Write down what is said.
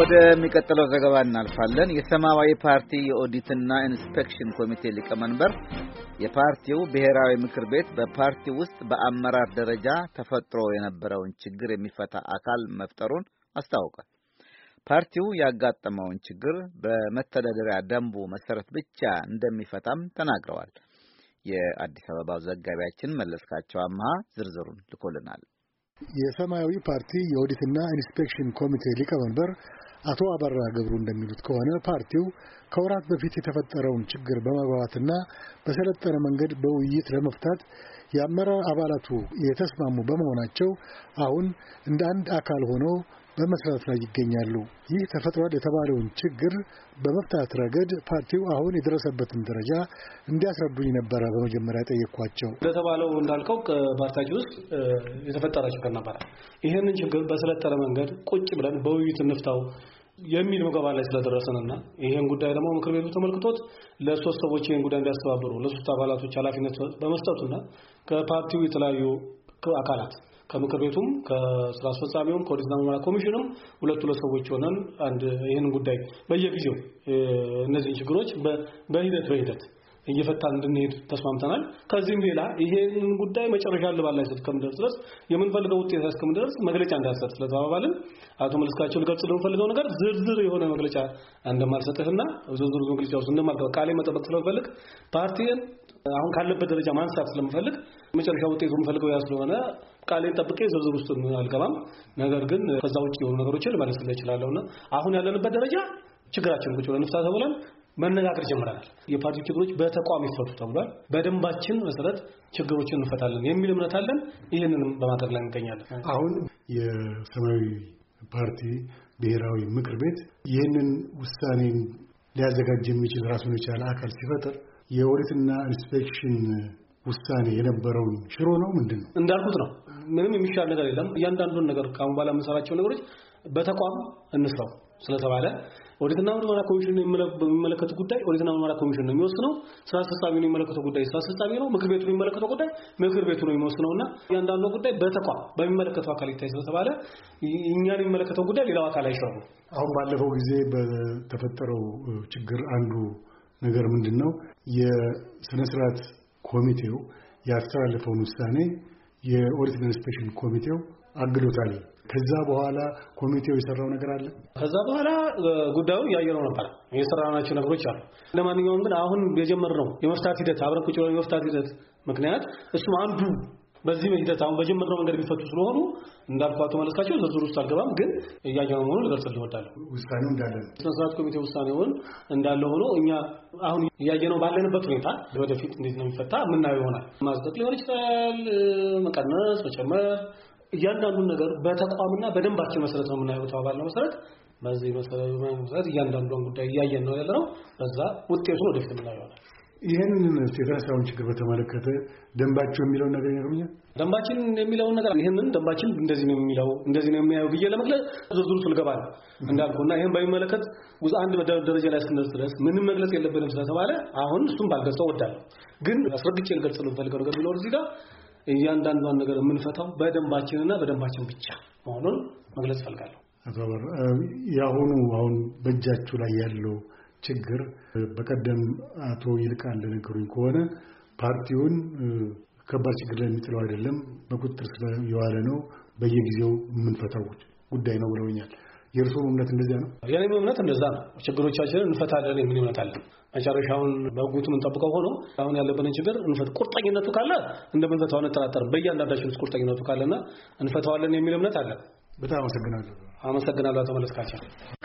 ወደሚቀጥለው ዘገባ እናልፋለን። የሰማያዊ ፓርቲ የኦዲትና ኢንስፔክሽን ኮሚቴ ሊቀመንበር የፓርቲው ብሔራዊ ምክር ቤት በፓርቲ ውስጥ በአመራር ደረጃ ተፈጥሮ የነበረውን ችግር የሚፈታ አካል መፍጠሩን አስታወቀ። ፓርቲው ያጋጠመውን ችግር በመተዳደሪያ ደንቡ መሰረት ብቻ እንደሚፈታም ተናግረዋል። የአዲስ አበባው ዘጋቢያችን መለስካቸው አምሃ ዝርዝሩን ልኮልናል። የሰማያዊ ፓርቲ የኦዲትና ኢንስፔክሽን ኮሚቴ ሊቀመንበር አቶ አበራ ገብሩ እንደሚሉት ከሆነ ፓርቲው ከወራት በፊት የተፈጠረውን ችግር በመግባባትና በሰለጠነ መንገድ በውይይት ለመፍታት የአመራር አባላቱ የተስማሙ በመሆናቸው አሁን እንደ አንድ አካል ሆነው በመስራት ላይ ይገኛሉ። ይህ ተፈጥሯል የተባለውን ችግር በመፍታት ረገድ ፓርቲው አሁን የደረሰበትን ደረጃ እንዲያስረዱኝ ነበረ በመጀመሪያ ጠየኳቸው። እንደተባለው እንዳልከው ፓርቲያችን ውስጥ የተፈጠረ ችግር ነበረ። ይህንን ችግር በስለጠነ መንገድ ቁጭ ብለን በውይይት እንፍታው የሚል ምገባ ላይ ስለደረሰንና ይህን ጉዳይ ደግሞ ምክር ቤቱ ተመልክቶት ለሶስት ሰዎች ይህን ጉዳይ እንዲያስተባብሩ ለሶስት አባላቶች ኃላፊነት በመስጠቱና ከፓርቲው የተለያዩ አካላት ከምክር ቤቱም ከስራ አስፈጻሚውም ከኦዲትና ምርመራ ኮሚሽኑም ሁለት ሁለት ሰዎች ሆነን አንድ ይህንን ጉዳይ በየጊዜው እነዚህን ችግሮች በሂደት በሂደት እየፈታን እንድንሄድ ተስማምተናል። ከዚህም ሌላ ይሄን ጉዳይ መጨረሻ ልባል ላይ እስከምንደርስ ድረስ የምንፈልገው ውጤት እስከምንደርስ መግለጫ እንዳሰጥ ስለተባባልን አቶ መለስካቸው ልገልጽ ለምፈልገው ነገር ዝርዝር የሆነ መግለጫ እንደማልሰጥህና ዝርዝር መግለጫ ውስጥ እንደማልገባ ቃሌ መጠበቅ ስለምፈልግ ፓርቲን አሁን ካለበት ደረጃ ማንሳት ስለምፈልግ መጨረሻ ውጤቱ የምፈልገው ያ ስለሆነ ቃሌን ጠብቄ ዝርዝር ውስጥ አልገባም። ነገር ግን ከዛ ውጭ የሆኑ ነገሮችን ልመለስልህ እችላለሁ እና አሁን ያለንበት ደረጃ ችግራችን ቁጭ ብለን እንፍታ ተብለን መነጋገር ጀምረናል። የፓርቲ ችግሮች በተቋም ይፈቱ ተብሏል። በደንባችን መሰረት ችግሮችን እንፈታለን የሚል እምነት አለን። ይህንንም በማድረግ ላይ እንገኛለን። አሁን የሰማያዊ ፓርቲ ብሔራዊ ምክር ቤት ይህንን ውሳኔን ሊያዘጋጅ የሚችል ራሱን የቻለ አካል ሲፈጥር የኦዲትና ኢንስፔክሽን ውሳኔ የነበረውን ሽሮ ነው ምንድን ነው እንዳልኩት ነው ምንም የሚሻል ነገር የለም። እያንዳንዱን ነገር ከአሁን በኋላ የምንሰራቸው ነገሮች በተቋም እንስራው ስለተባለ ኦዲትና ምርመራ ኮሚሽን የሚመለከቱ ጉዳይ ኦዲትና ምርመራ ኮሚሽን ነው የሚወስነው። ስራ አስፈጻሚ ነው የሚመለከተው ጉዳይ ስራ አስፈጻሚ ነው። ምክር ቤቱ የሚመለከተው ጉዳይ ምክር ቤቱ ነው የሚወስነውና እያንዳንዱ ጉዳይ በተቋም በሚመለከተው አካል ይታይ ስለተባለ እኛን የሚመለከተው ጉዳይ ሌላው አካል አይሻሉ። አሁን ባለፈው ጊዜ በተፈጠረው ችግር አንዱ ነገር ምንድነው የስነ ስርዓት ኮሚቴው ያስተላለፈውን ውሳኔ የኦዲት ኢንስፔክሽን ኮሚቴው አግዶታል። ከዛ በኋላ ኮሚቴው የሰራው ነገር አለ። ከዛ በኋላ ጉዳዩ ያየነው ነበር፣ የሰራናቸው ነገሮች አሉ። ለማንኛውም ግን አሁን የጀመርነው የመፍታት ሂደት አብረን ቁጭ የመፍታት ሂደት ምክንያት እሱም አንዱ በዚህ በሂደት አሁን በጀመርነው መንገድ የሚፈቱ ስለሆኑ እንዳልኩ አቶ መለስካቸው ዝርዝር ውስጥ አልገባም፣ ግን እያየነው መሆኑን ልገልጽልህ እወዳለሁ። ውሳኔው እንዳለ ነው። ስነ ስርዓት ኮሚቴ ውሳኔውን እንዳለ ሆኖ እኛ አሁን እያየነው ባለንበት ሁኔታ ወደፊት እንዴት ነው የሚፈታ የምናየው ይሆናል። ማጽደቅ ሊሆን ይችላል፣ መቀነስ፣ መጨመር፣ እያንዳንዱን ነገር በተቋምና በደንባችን መሰረት ነው የምናየው ተባባለ መሰረት በዚህ መሰረት እያንዳንዷን ጉዳይ እያየን ነው ያለነው። በዛ ውጤቱን ወደፊት የምናየው ይሆናል። ይህንን የስራውን ችግር በተመለከተ ደንባቸው የሚለውን ነገር ይነግሩኛል። ደንባችን የሚለውን ነገር ይህንን ደንባችን እንደዚህ ነው የሚለው እንደዚህ ነው የሚያየው ብዬ ለመግለጽ ዝርዝሩ ስልገባል እንዳልኩ እና ይህን በሚመለከት ውስጥ አንድ ደረጃ ላይ እስክንደርስ ድረስ ምንም መግለጽ የለብንም ስለተባለ አሁን እሱም ባልገልጸው ወዳለሁ። ግን አስረግጬ ልገልጽ ልፈልገው ነገር ቢኖር እዚህ ጋር እያንዳንዷን ነገር የምንፈታው በደንባችንና በደንባችን ብቻ መሆኑን መግለጽ እፈልጋለሁ። አቶ አበራ የአሁኑ አሁን በእጃችሁ ላይ ያለው ችግር በቀደም አቶ ይልቃል እንደነገሩኝ ከሆነ ፓርቲውን ከባድ ችግር ላይ የሚጥለው አይደለም፣ በቁጥጥር ስር የዋለ ነው፣ በየጊዜው የምንፈታው ጉዳይ ነው ብለውኛል። የእርስዎ እምነት እንደዚያ ነው? የኔም እምነት እንደዛ ነው። ችግሮቻችንን እንፈታለን የምን አለን? መጨረሻውን በጉት የምንጠብቀው ሆኖ አሁን ያለብንን ችግር እንፈት ቁርጠኝነቱ ካለ እንደምንፈታው አንጠራጠርም። በእያንዳንዳችን ውስጥ ቁርጠኝነቱ ካለና እንፈታዋለን የሚል እምነት አለ። በጣም አመሰግናለሁ። አመሰግናለሁ አቶ መለስካቸው።